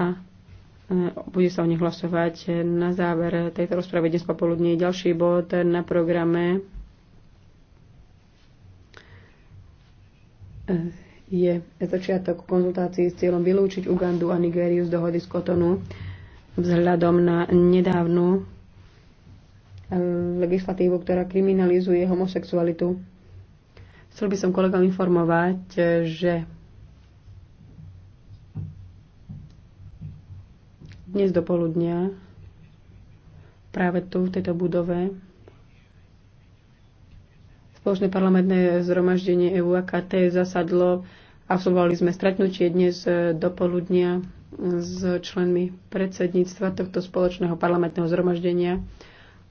a e, bude sa o nich hlasovať na záver tejto rozpravy dnes popoludne. Ďalší bod na programe e, je začiatok konzultácií s cieľom vylúčiť Ugandu a Nigériu z dohody z Kotonu vzhľadom na nedávnu e, legislatívu, ktorá kriminalizuje homosexualitu. Chcel by som kolegom informovať, že Dnes do poludnia práve tu, v tejto budove, spoločné parlamentné zhromaždenie EU a KT zasadlo, absolvovali sme stretnutie dnes e, do poludnia s členmi predsedníctva tohto spoločného parlamentného zhromaždenia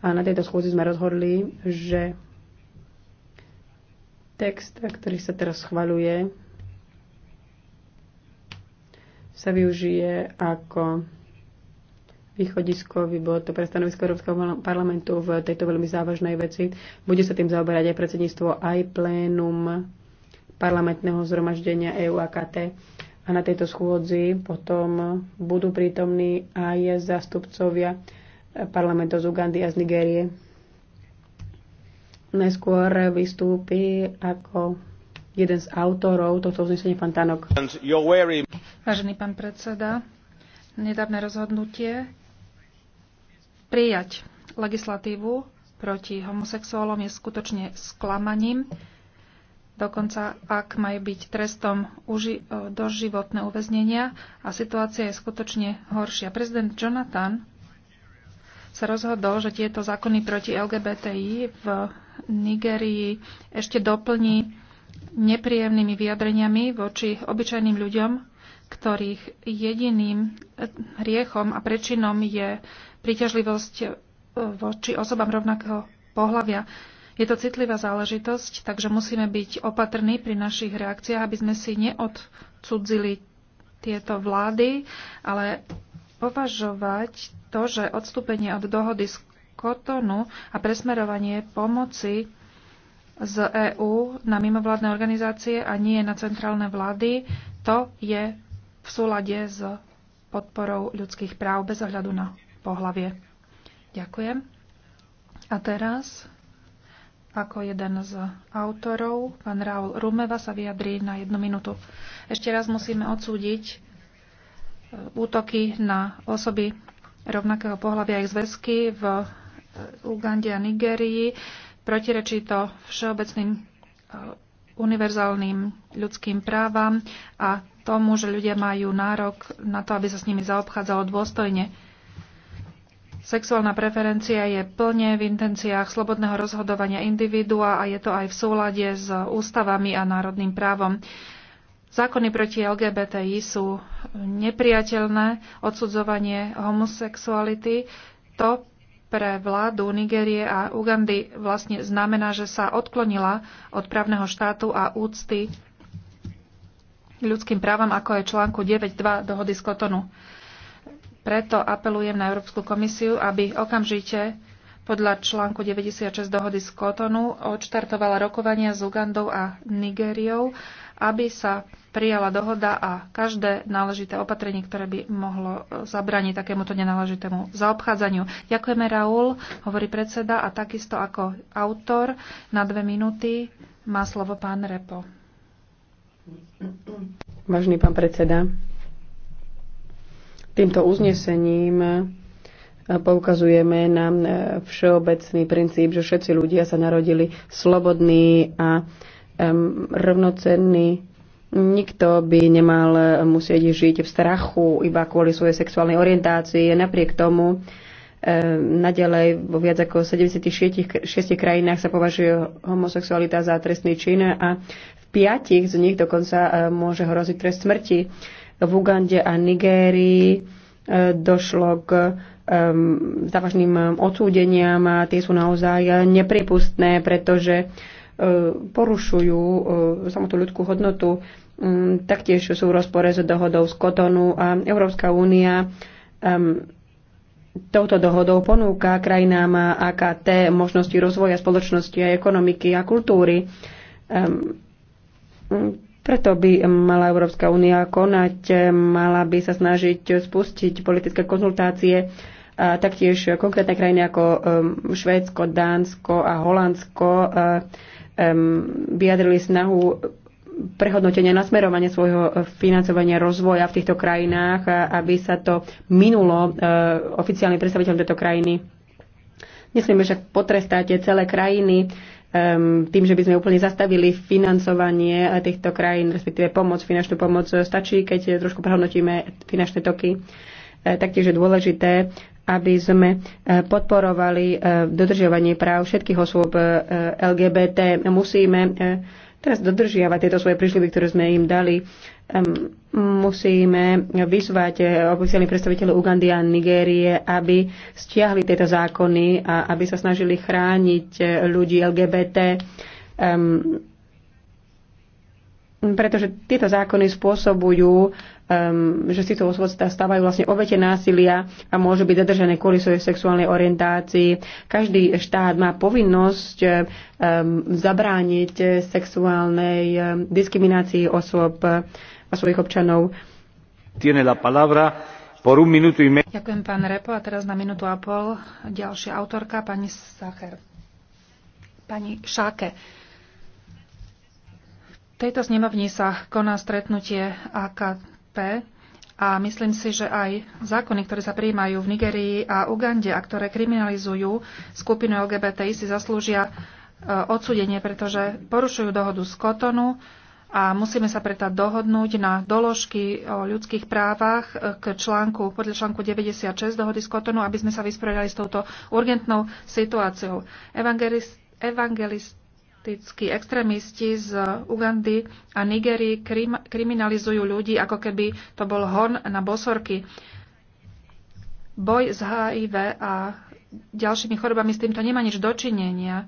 a na tejto schôzi sme rozhodli, že text, ktorý sa teraz schvaluje, sa využije ako východisko, bolo to pre stanovisko Európskeho parlamentu v tejto veľmi závažnej veci. Bude sa tým zaoberať aj predsedníctvo, aj plénum parlamentného zhromaždenia EU a KT. A na tejto schôdzi potom budú prítomní aj zástupcovia parlamentov z Ugandy a z Nigérie. Najskôr vystúpi ako jeden z autorov tohto uznesenia pán Tanok. Vážený pán predseda, nedávne rozhodnutie prijať legislatívu proti homosexuálom je skutočne sklamaním. Dokonca ak majú byť trestom uži- e, doživotné uväznenia a situácia je skutočne horšia. Prezident Jonathan sa rozhodol, že tieto zákony proti LGBTI v Nigerii ešte doplní nepríjemnými vyjadreniami voči obyčajným ľuďom, ktorých jediným hriechom a prečinom je príťažlivosť e, voči osobám rovnakého pohľavia. Je to citlivá záležitosť, takže musíme byť opatrní pri našich reakciách, aby sme si neodcudzili tieto vlády, ale považovať to, že odstúpenie od dohody z Kotonu a presmerovanie pomoci z EÚ na mimovládne organizácie a nie na centrálne vlády, to je v súlade s podporou ľudských práv bez ohľadu na pohlavie. Ďakujem. A teraz, ako jeden z autorov, pán Raul Rumeva sa vyjadrí na jednu minútu. Ešte raz musíme odsúdiť e, útoky na osoby rovnakého pohľavia ich zväzky v e, Ugande a Nigerii. Protirečí to všeobecným e, univerzálnym ľudským právam a tomu, že ľudia majú nárok na to, aby sa s nimi zaobchádzalo dôstojne. Sexuálna preferencia je plne v intenciách slobodného rozhodovania individua a je to aj v súlade s ústavami a národným právom. Zákony proti LGBTI sú nepriateľné, odsudzovanie homosexuality. To pre vládu Nigérie a Ugandy vlastne znamená, že sa odklonila od právneho štátu a úcty ľudským právam, ako je článku 9.2 dohody z Kotonu. Preto apelujem na Európsku komisiu, aby okamžite podľa článku 96 dohody z Kotonu odštartovala rokovania s Ugandou a Nigériou, aby sa prijala dohoda a každé náležité opatrenie, ktoré by mohlo e, zabraniť takémuto nenáležitému zaobchádzaniu. Ďakujeme, Raúl, hovorí predseda a takisto ako autor na dve minúty má slovo pán Repo. Vážny pán predseda, Týmto uznesením e, poukazujeme na e, všeobecný princíp, že všetci ľudia sa narodili slobodní a rovnocenní. Nikto by nemal e, musieť žiť v strachu iba kvôli svojej sexuálnej orientácii. Napriek tomu nadalej vo viac ako 76 krajinách sa považuje homosexualita za trestný čin a v piatich z nich dokonca môže hroziť trest smrti v Ugande a Nigérii e, došlo k e, závažným odsúdeniam a tie sú naozaj nepripustné, pretože e, porušujú samotnú ľudskú hodnotu, taktiež sú v rozpore s dohodou z Kotonu a Európska únia touto dohodou ponúka krajinám AKT možnosti rozvoja spoločnosti a ekonomiky a kultúry. Preto by mala Európska únia konať, mala by sa snažiť spustiť politické konzultácie a taktiež konkrétne krajiny ako um, Švédsko, Dánsko a Holandsko uh, um, vyjadrili snahu prehodnotenia nasmerovania svojho financovania rozvoja v týchto krajinách, aby sa to minulo uh, oficiálnym predstaviteľom tejto krajiny. Nesmieme však potrestať celé krajiny tým, že by sme úplne zastavili financovanie týchto krajín, respektíve pomoc, finančnú pomoc, stačí, keď trošku prehodnotíme finančné toky. E, taktiež je dôležité, aby sme e, podporovali e, dodržiavanie práv všetkých osôb LGBT. Musíme teraz dodržiavať tieto svoje prísľuby, ktoré sme im dali. Musíme vyzvať eh, oficiálnych predstaviteľov Ugandy a Nigérie, aby stiahli tieto zákony a aby sa snažili chrániť eh, ľudí LGBT pretože tieto zákony spôsobujú, um, že si to osvodstá stávajú vlastne obete násilia a môžu byť zadržané kvôli svojej sexuálnej orientácii. Každý štát má povinnosť um, zabrániť sexuálnej um, diskriminácii osôb a svojich občanov. Tiene la palabra por un minuto y medio. Ďakujem, pán Repo. A teraz na minútu a pol ďalšia autorka, pani Sacher. Pani Šáke tejto snemovni sa koná stretnutie AKP a myslím si, že aj zákony, ktoré sa prijímajú v Nigerii a Ugande a ktoré kriminalizujú skupinu LGBTI, si zaslúžia e, odsudenie, pretože porušujú dohodu z Kotonu a musíme sa preto dohodnúť na doložky o ľudských právach e, k článku, podľa článku 96 dohody z Kotonu, aby sme sa vysporiadali s touto urgentnou situáciou. Evangelist, evangelist fanatickí extrémisti z Ugandy a Nigerii krim, kriminalizujú ľudí, ako keby to bol hon na bosorky. Boj s HIV a ďalšími chorobami s týmto nemá nič dočinenia.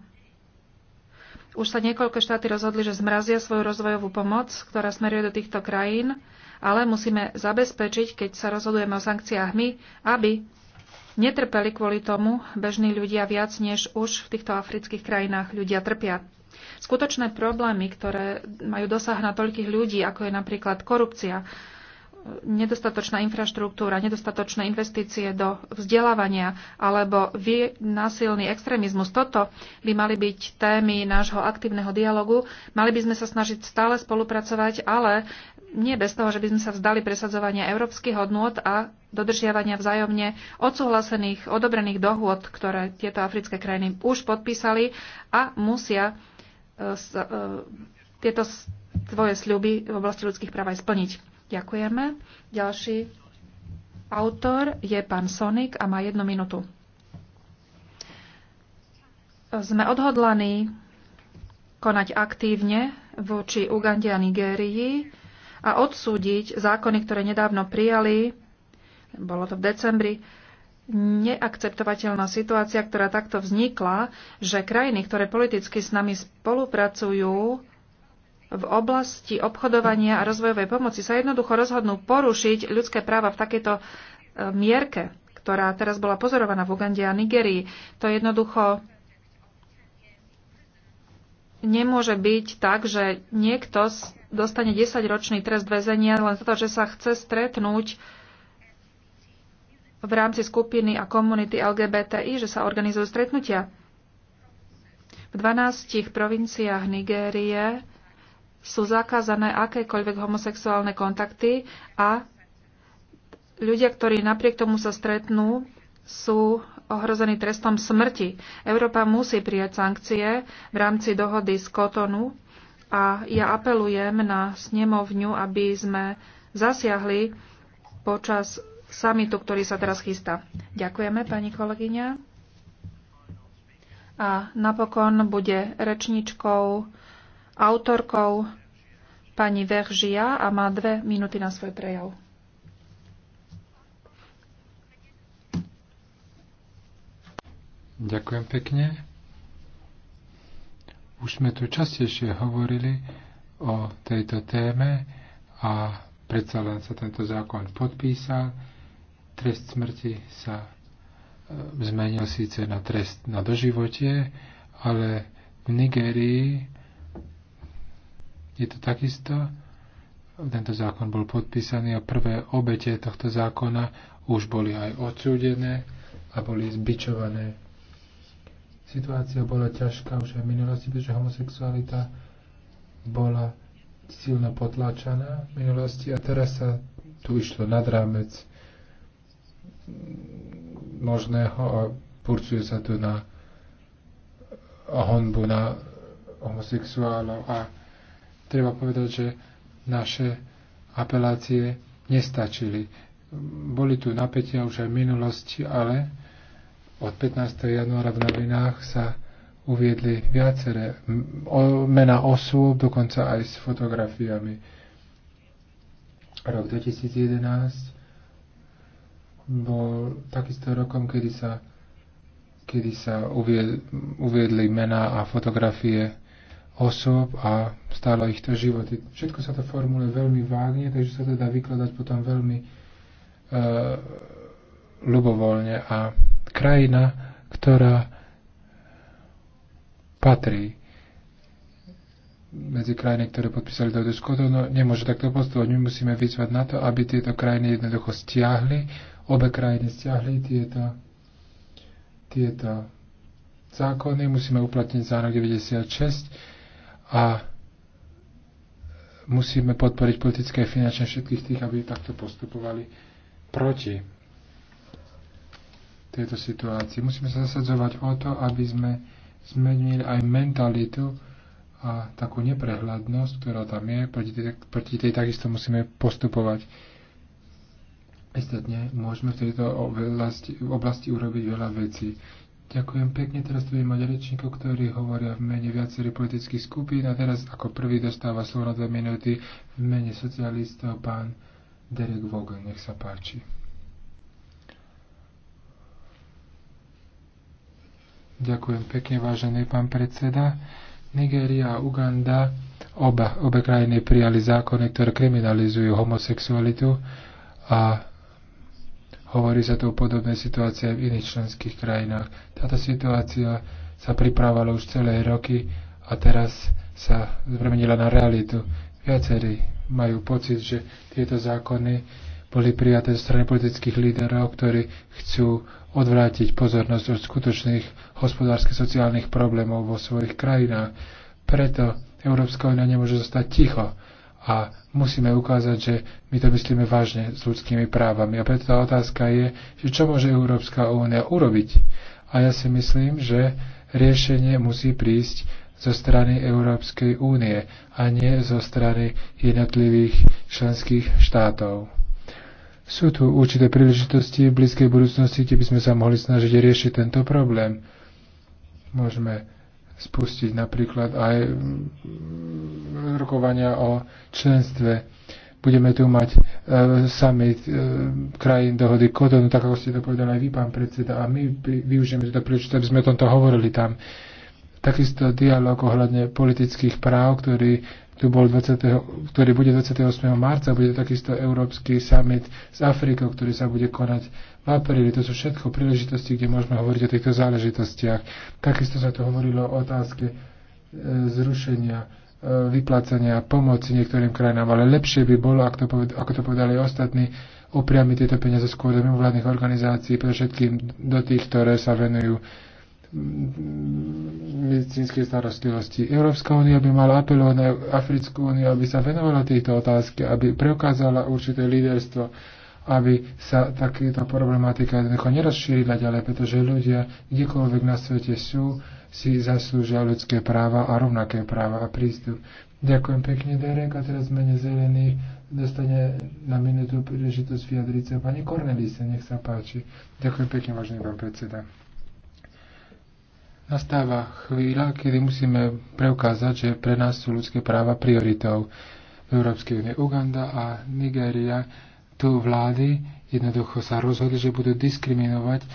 Už sa niekoľko štáty rozhodli, že zmrazia svoju rozvojovú pomoc, ktorá smeruje do týchto krajín, ale musíme zabezpečiť, keď sa rozhodujeme o sankciách my, aby netrpeli kvôli tomu bežní ľudia viac, než už v týchto afrických krajinách ľudia trpia skutočné problémy, ktoré majú dosah na toľkých ľudí, ako je napríklad korupcia, nedostatočná infraštruktúra, nedostatočné investície do vzdelávania alebo násilný extrémizmus. Toto by mali byť témy nášho aktívneho dialogu. Mali by sme sa snažiť stále spolupracovať, ale nie bez toho, že by sme sa vzdali presadzovania európskych hodnôt a dodržiavania vzájomne odsúhlasených, odobrených dohôd, ktoré tieto africké krajiny už podpísali a musia E, e, tieto svoje sľuby v oblasti ľudských práv aj splniť. Ďakujeme. Ďalší autor je pán Sonik a má jednu minútu. Sme odhodlaní konať aktívne voči Ugande a Nigérii a odsúdiť zákony, ktoré nedávno prijali, bolo to v decembri, neakceptovateľná situácia, ktorá takto vznikla, že krajiny, ktoré politicky s nami spolupracujú, v oblasti obchodovania a rozvojovej pomoci sa jednoducho rozhodnú porušiť ľudské práva v takejto e, mierke, ktorá teraz bola pozorovaná v Ugande a Nigerii. To jednoducho nemôže byť tak, že niekto dostane 10-ročný trest väzenia len za to, že sa chce stretnúť v rámci skupiny a komunity LGBTI, že sa organizujú stretnutia. V 12 provinciách Nigérie sú zakázané akékoľvek homosexuálne kontakty a ľudia, ktorí napriek tomu sa stretnú, sú ohrození trestom smrti. Európa musí prijať sankcie v rámci dohody z Kotonu a ja apelujem na snemovňu, aby sme zasiahli počas samitu, ktorý sa teraz chystá. Ďakujeme, pani kolegyňa. A napokon bude rečničkou, autorkou pani Veržia a má dve minúty na svoj prejav. Ďakujem pekne. Už sme tu častejšie hovorili o tejto téme a predsa len sa tento zákon podpísal. Trest smrti sa e, zmenil síce na trest na doživotie, ale v Nigérii je to takisto. Tento zákon bol podpísaný a prvé obete tohto zákona už boli aj odsúdené a boli zbičované. Situácia bola ťažká už aj v minulosti, pretože homosexualita bola silno potláčaná v minulosti a teraz sa tu išlo nad rámec možného a purcuje sa tu na honbu na homosexuálov a treba povedať, že naše apelácie nestačili. Boli tu napätia už aj v minulosti, ale od 15. januára v novinách sa uviedli viaceré mena osôb, dokonca aj s fotografiami. Rok 2011 bol takisto rokom, kedy sa, kedy sa uviedli mená a fotografie osôb a stálo ich to životy. Všetko sa to formuluje veľmi vágne, takže sa to dá vykladať potom veľmi e, ľubovoľne. A krajina, ktorá patrí medzi krajiny, ktoré podpísali toto skoto, no nemôže takto postovať, My musíme vyzvať na to, aby tieto krajiny jednoducho stiahli Obe krajiny stiahli tieto, tieto zákony, musíme uplatniť zárok 96 a musíme podporiť politické a finančne všetkých tých, aby takto postupovali proti tejto situácii. Musíme sa zasadzovať o to, aby sme zmenili aj mentalitu a takú neprehľadnosť, ktorá tam je, proti tej, proti tej takisto musíme postupovať. Istotne môžeme v tejto oblasti, v oblasti urobiť veľa vecí. Ďakujem pekne, teraz tu budem mať ktorí hovoria v mene viacerých politických skupín a teraz ako prvý dostáva slovo na dve minúty v mene socialistov pán Derek Vogel, nech sa páči. Ďakujem pekne, vážený pán predseda. Nigéria a Uganda, oba, obe krajiny prijali zákony, ktoré kriminalizujú homosexualitu a Hovorí sa tu o podobnej situácii v iných členských krajinách. Táto situácia sa pripravovala už celé roky a teraz sa zmenila na realitu. Viacerí majú pocit, že tieto zákony boli prijaté zo strany politických líderov, ktorí chcú odvrátiť pozornosť od skutočných hospodárskych sociálnych problémov vo svojich krajinách. Preto Európska únia nemôže zostať ticho a musíme ukázať, že my to myslíme vážne s ľudskými právami. A preto tá otázka je, že čo môže Európska únia urobiť. A ja si myslím, že riešenie musí prísť zo strany Európskej únie a nie zo strany jednotlivých členských štátov. Sú tu určité príležitosti v blízkej budúcnosti, kde by sme sa mohli snažiť riešiť tento problém. Môžeme spustiť napríklad aj mm, rokovania o členstve. Budeme tu mať e, summit e, krajín dohody Kodonu, tak ako ste to povedali aj vy, pán predseda, a my využijeme to prečo, aby sme o tomto hovorili tam. Takisto dialog ohľadne politických práv, ktorý tu bol 20, ktorý bude 28. marca, bude takisto Európsky summit s Afrikou, ktorý sa bude konať v To sú všetko príležitosti, kde môžeme hovoriť o týchto záležitostiach. Takisto sa to hovorilo o otázke e, zrušenia e, vyplácania pomoci niektorým krajinám, ale lepšie by bolo, ak to poved- ako to povedali ostatní, upriamiť tieto peniaze skôr do mimovládnych organizácií, pre všetkým do tých, ktoré sa venujú medicínskej starostlivosti. Európska únia by mala apelovať na Africkú úniu, aby sa venovala tejto otázke, aby preukázala určité líderstvo aby sa takéto problematika jednoducho nerozšírila ďalej, pretože ľudia, kdekoľvek na svete sú, si zaslúžia ľudské práva a rovnaké práva a prístup. Ďakujem pekne, Derek. A teraz mene zelený dostane na minútu príležitosť vyjadriť sa pani Kornelise. Nech sa páči. Ďakujem pekne, vážený pán predseda. Nastáva chvíľa, kedy musíme preukázať, že pre nás sú ľudské práva prioritou v Európskej únie. Uganda a Nigéria tu vlády jednoducho sa rozhodli, že budú diskriminovať e,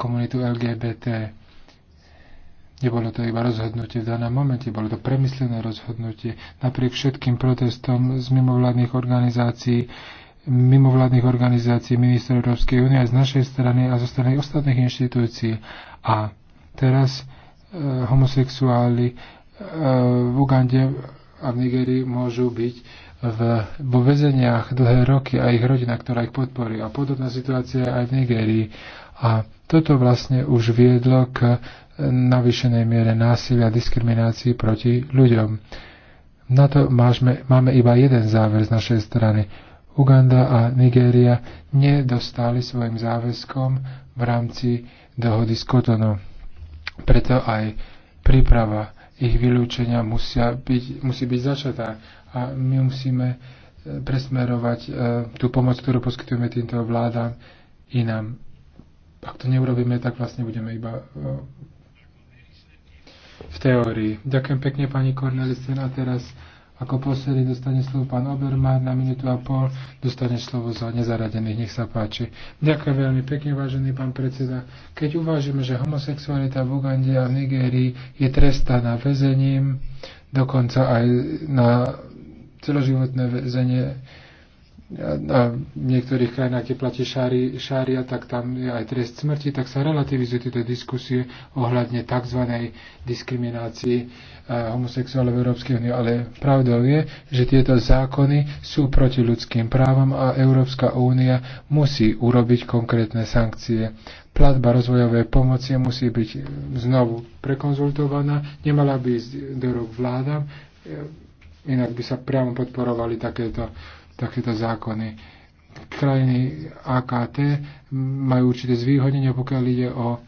komunitu LGBT. Nebolo to iba rozhodnutie v danom momente, bolo to premyslené rozhodnutie. Napriek všetkým protestom z mimovládnych organizácií, mimovládnych organizácií minister Európskej únie aj z našej strany a zo strany ostatných inštitúcií. A teraz e, homosexuáli e, v Ugande a v Nigerii môžu byť v, vo väzeniach dlhé roky a ich rodina, ktorá ich podporí. A podobná situácia je aj v Nigerii. A toto vlastne už viedlo k navýšenej miere násilia a diskriminácii proti ľuďom. Na to mážme, máme iba jeden záver z našej strany. Uganda a Nigéria nedostali svojim záväzkom v rámci dohody s Kotonu. Preto aj príprava ich vylúčenia musia byť, musí byť začatá. A my musíme e, presmerovať e, tú pomoc, ktorú poskytujeme týmto vládám inám. Ak to neurobíme, tak vlastne budeme iba e, v teórii. Ďakujem pekne pani Cornelisen a teraz ako posledný dostane slovo pán Obermar na minútu a pol, dostane slovo za nezaradených, nech sa páči. Ďakujem veľmi pekne, vážený pán predseda. Keď uvážime, že homosexualita v Ugande a v Nigérii je trestaná väzením, dokonca aj na celoživotné väzenie, v niektorých krajinách, kde platí šári, šária, tak tam je aj trest smrti, tak sa relativizujú tieto diskusie ohľadne tzv. diskriminácii e, homosexuálov v Európskej únie. Ale pravdou je, že tieto zákony sú proti ľudským právam a Európska únia musí urobiť konkrétne sankcie. Platba rozvojovej pomoci musí byť znovu prekonzultovaná, nemala by ísť do rúk vládam, e, inak by sa priamo podporovali takéto takéto zákony. Krajiny AKT majú určité zvýhodnenie, pokiaľ ide o,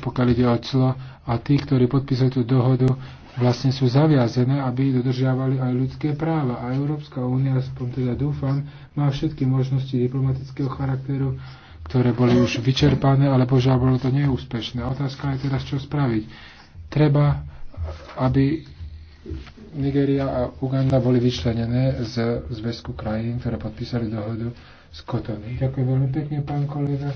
pokiaľ ide o clo a tí, ktorí podpísali tú dohodu, vlastne sú zaviazené, aby dodržiavali aj ľudské práva. A Európska únia, aspoň teda dúfam, má všetky možnosti diplomatického charakteru, ktoré boli už vyčerpané, ale požiaľ bolo to neúspešné. Otázka je teraz, čo spraviť. Treba, aby Nigeria a Uganda boli vyčlenené z zväzku krajín, ktoré podpísali dohodu z Kotony. Ďakujem veľmi pekne, pán kolega.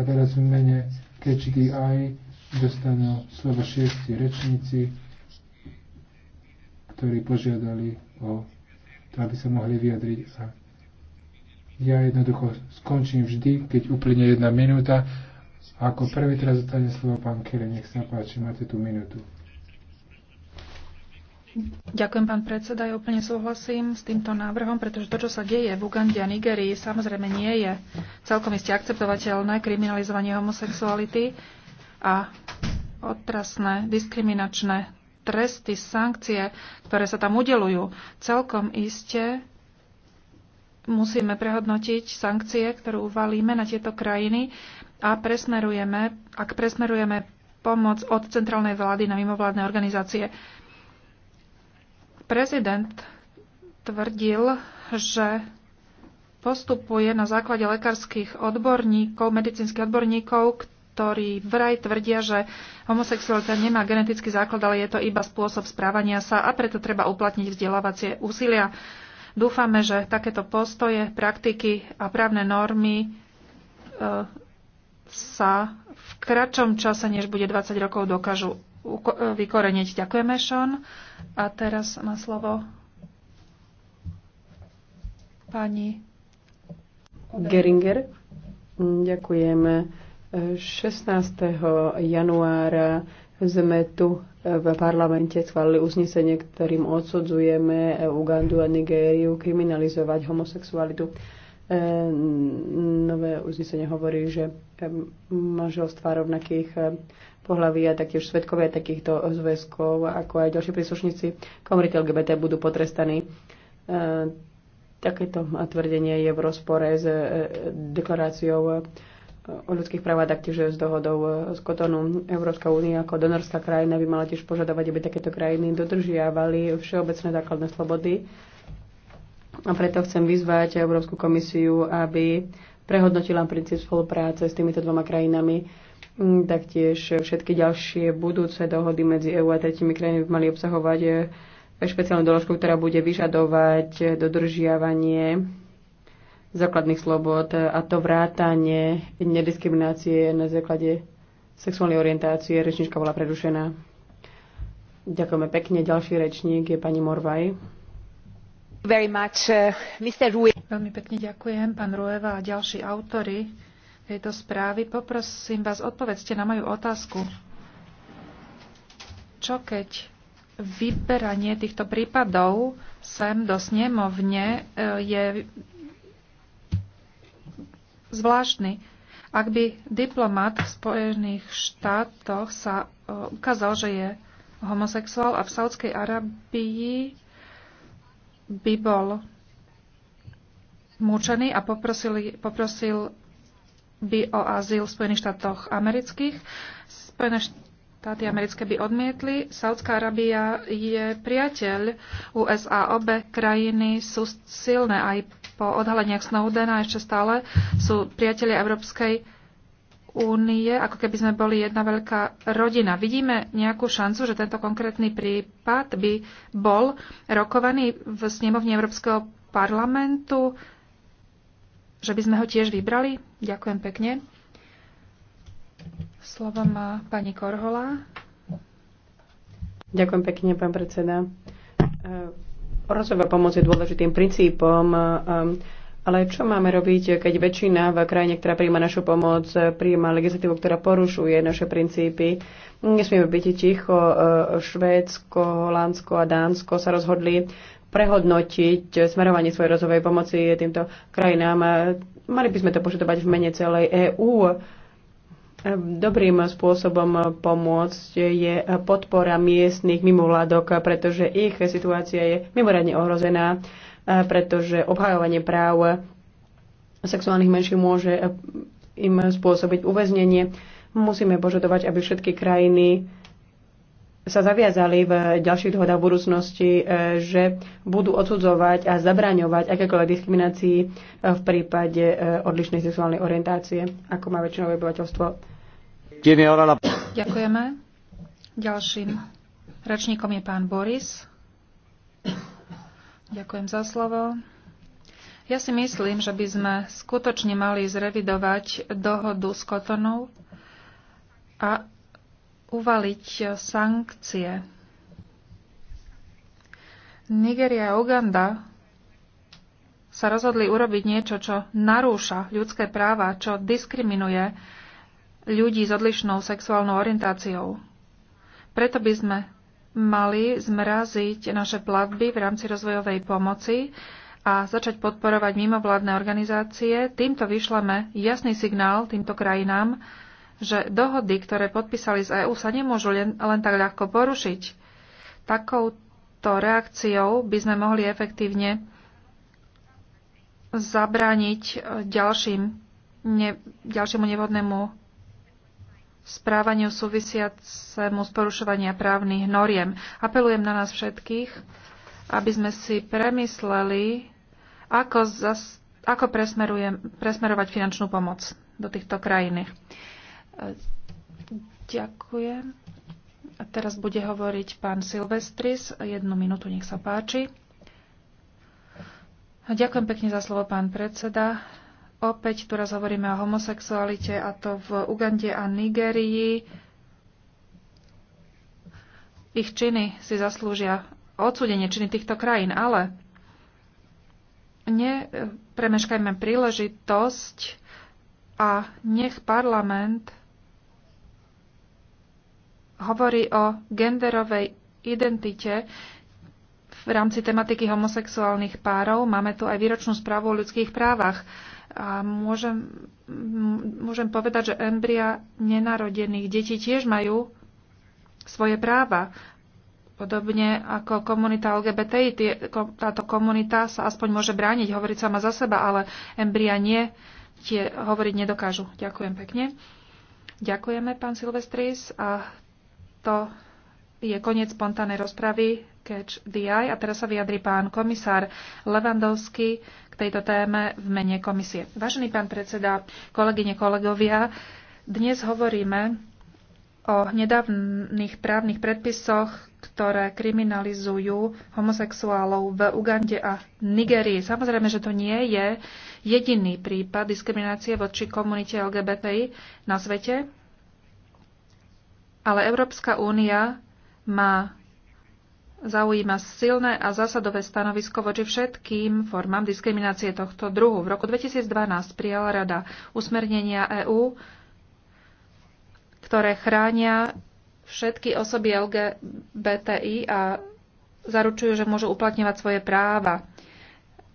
A teraz v mene KHDI dostanú slovo šiesti rečníci, ktorí požiadali o to, aby sa mohli vyjadriť. A ja jednoducho skončím vždy, keď uplynie jedna minúta. ako prvý teraz dostane slovo pán Kele, nech sa páči, máte tú minútu. Ďakujem, pán predseda. Ja úplne súhlasím s týmto návrhom, pretože to, čo sa deje v Ugande a Nigerii, samozrejme nie je celkom isté akceptovateľné kriminalizovanie homosexuality a otrasné diskriminačné tresty, sankcie, ktoré sa tam udelujú. Celkom iste musíme prehodnotiť sankcie, ktorú uvalíme na tieto krajiny a presmerujeme, ak presmerujeme pomoc od centrálnej vlády na mimovládne organizácie prezident tvrdil, že postupuje na základe lekárskych odborníkov, medicínskych odborníkov, ktorí vraj tvrdia, že homosexualita nemá genetický základ, ale je to iba spôsob správania sa a preto treba uplatniť vzdelávacie úsilia. Dúfame, že takéto postoje, praktiky a právne normy e, sa v kratšom čase, než bude 20 rokov, dokážu vykoreniť. Ďakujeme, Sean. A teraz má slovo pani Geringer. Ďakujem. 16. januára sme tu v parlamente schválili uznesenie, ktorým odsudzujeme Ugandu a Nigériu kriminalizovať homosexualitu. E, nové uznesenie hovorí, že manželstva rovnakých e, pohlaví a taktiež svetkovia takýchto zväzkov, ako aj ďalší príslušníci komunity LGBT budú potrestaní. E, takéto tvrdenie je v rozpore s deklaráciou o ľudských právach, taktiež s dohodou z Kotonu. Európska únia ako donorská krajina by mala tiež požadovať, aby takéto krajiny dodržiavali všeobecné základné slobody a preto chcem vyzvať Európsku komisiu, aby prehodnotila princíp spolupráce s týmito dvoma krajinami. Mm, Taktiež všetky ďalšie budúce dohody medzi EÚ a tretími krajinami mali obsahovať eh, špeciálnu doložku, ktorá bude vyžadovať dodržiavanie základných slobod eh, a to vrátanie nediskriminácie na základe sexuálnej orientácie. Rečnička bola predušená. Ďakujeme pekne. Ďalší rečník je pani Morvaj. Uh, Veľmi pekne ďakujem, pán Rueva a ďalší autory tejto správy. Poprosím vás, odpovedzte na moju otázku. Čo keď vyberanie týchto prípadov sem do snemovne e, je zvláštny. Ak by diplomat v Spojených štátoch sa e, ukázal, že je homosexuál a v Saudskej Arabii by bol mučený a poprosil, poprosil by o azyl v Spojených štátoch amerických. Spojené štáty americké by odmietli. Saudská Arábia je priateľ USA. Obe krajiny sú silné aj po odhaleniach Snowdena ešte stále sú priatelia Európskej únie, ako keby sme boli jedna veľká rodina. Vidíme nejakú šancu, že tento konkrétny prípad by bol rokovaný v snemovni Európskeho parlamentu, že by sme ho tiež vybrali? Ďakujem pekne. Slovo má pani Korhola. Ďakujem pekne, pán predseda. Rozhova pomoc je dôležitým princípom ale čo máme robiť, keď väčšina v krajine, ktorá príjma našu pomoc, príjma legislatívu, ktorá porušuje naše princípy? Nesmieme byť ticho. Švédsko, Holandsko a Dánsko sa rozhodli prehodnotiť smerovanie svojej rozvojovej pomoci týmto krajinám. Mali by sme to požadovať v mene celej EÚ. Dobrým spôsobom pomôcť je podpora miestnych mimovládok, pretože ich situácia je mimoriadne ohrozená pretože obhajovanie práv sexuálnych menšín môže im spôsobiť uväznenie. Musíme požadovať, aby všetky krajiny sa zaviazali v ďalších dohodách v budúcnosti, e, že budú odsudzovať a zabraňovať akékoľvek diskriminácii e, v prípade e, odlišnej sexuálnej orientácie, ako má väčšinové obyvateľstvo. Ďakujeme. Ďalším rečníkom je pán Boris. Ďakujem za slovo. Ja si myslím, že by sme skutočne mali zrevidovať dohodu s Kotonou a uvaliť sankcie. Nigeria a Uganda sa rozhodli urobiť niečo, čo narúša ľudské práva, čo diskriminuje ľudí s odlišnou sexuálnou orientáciou. Preto by sme mali zmraziť naše platby v rámci rozvojovej pomoci a začať podporovať mimovládne organizácie. Týmto vyšleme jasný signál týmto krajinám, že dohody, ktoré podpísali z EÚ, sa nemôžu len, len tak ľahko porušiť. Takouto reakciou by sme mohli efektívne zabrániť ďalším, ne, ďalšiemu nevhodnému správaniu súvisiacemu z porušovania právnych noriem. Apelujem na nás všetkých, aby sme si premysleli, ako, zas, ako presmerovať finančnú pomoc do týchto krajín. Ďakujem. A teraz bude hovoriť pán Silvestris. Jednu minútu, nech sa páči. Ďakujem pekne za slovo, pán predseda. Opäť tu raz hovoríme o homosexualite a to v Ugande a Nigerii. Ich činy si zaslúžia odsúdenie činy týchto krajín, ale nepremeškajme príležitosť a nech parlament hovorí o genderovej identite v rámci tematiky homosexuálnych párov. Máme tu aj výročnú správu o ľudských právach. A môžem, môžem povedať, že embria nenarodených detí tiež majú svoje práva. Podobne ako komunita LGBTI, táto komunita sa aspoň môže brániť, hovoriť sama za seba, ale embria nie, tie hovoriť nedokážu. Ďakujem pekne. Ďakujeme, pán Silvestris. A to je koniec spontánnej rozpravy Catch the Eye. A teraz sa vyjadri pán komisár Levandovský, tejto téme v mene komisie. Vážený pán predseda, kolegyne, kolegovia, dnes hovoríme o nedávnych právnych predpisoch, ktoré kriminalizujú homosexuálov v Ugande a Nigerii. Samozrejme, že to nie je jediný prípad diskriminácie voči komunite LGBTI na svete, ale Európska únia má zaujíma silné a zásadové stanovisko voči všetkým formám diskriminácie tohto druhu. V roku 2012 prijala Rada usmernenia EÚ, ktoré chránia všetky osoby LGBTI a zaručujú, že môžu uplatňovať svoje práva.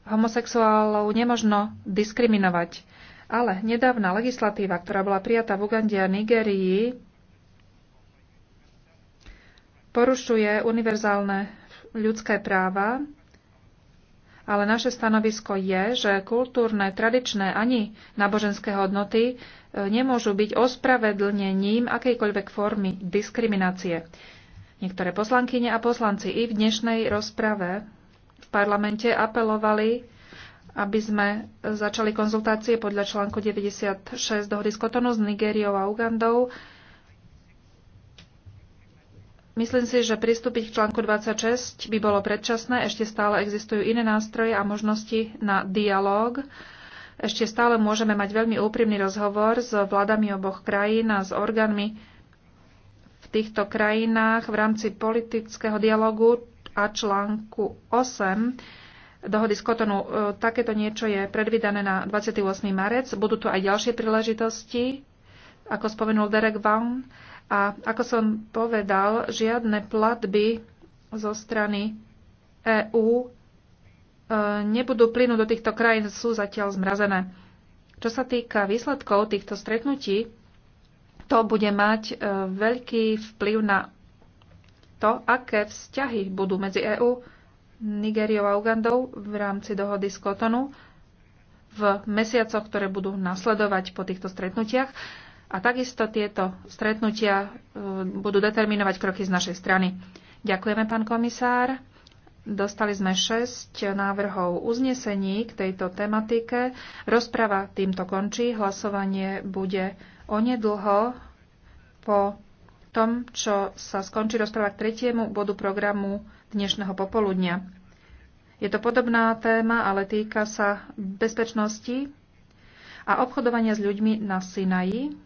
Homosexuálov nemožno diskriminovať. Ale nedávna legislatíva, ktorá bola prijatá v Ugande a Nigerii, porušuje univerzálne ľudské práva, ale naše stanovisko je, že kultúrne, tradičné ani náboženské hodnoty e, nemôžu byť ospravedlnením akejkoľvek formy diskriminácie. Niektoré poslankyne a poslanci i v dnešnej rozprave v parlamente apelovali, aby sme začali konzultácie podľa článku 96 dohody z Kotonu s Nigériou a Ugandou Myslím si, že pristúpiť k článku 26 by bolo predčasné. Ešte stále existujú iné nástroje a možnosti na dialog. Ešte stále môžeme mať veľmi úprimný rozhovor s vládami oboch krajín a s orgánmi v týchto krajinách v rámci politického dialogu a článku 8 dohody z Kotonu. E, takéto niečo je predvydané na 28. marec. Budú tu aj ďalšie príležitosti, ako spomenul Derek Vaughan a ako som povedal, žiadne platby zo strany EÚ e, nebudú plynúť do týchto krajín, sú zatiaľ zmrazené. Čo sa týka výsledkov týchto stretnutí, to bude mať e, veľký vplyv na to, aké vzťahy budú medzi EÚ, Nigériou a Ugandou v rámci dohody z Kotonu v mesiacoch, ktoré budú nasledovať po týchto stretnutiach. A takisto tieto stretnutia e, budú determinovať kroky z našej strany. Ďakujeme, pán komisár. Dostali sme 6 návrhov uznesení k tejto tematike. Rozprava týmto končí. Hlasovanie bude onedlho po tom, čo sa skončí rozpráva k tretiemu bodu programu dnešného popoludnia. Je to podobná téma, ale týka sa bezpečnosti a obchodovania s ľuďmi na Sinaji.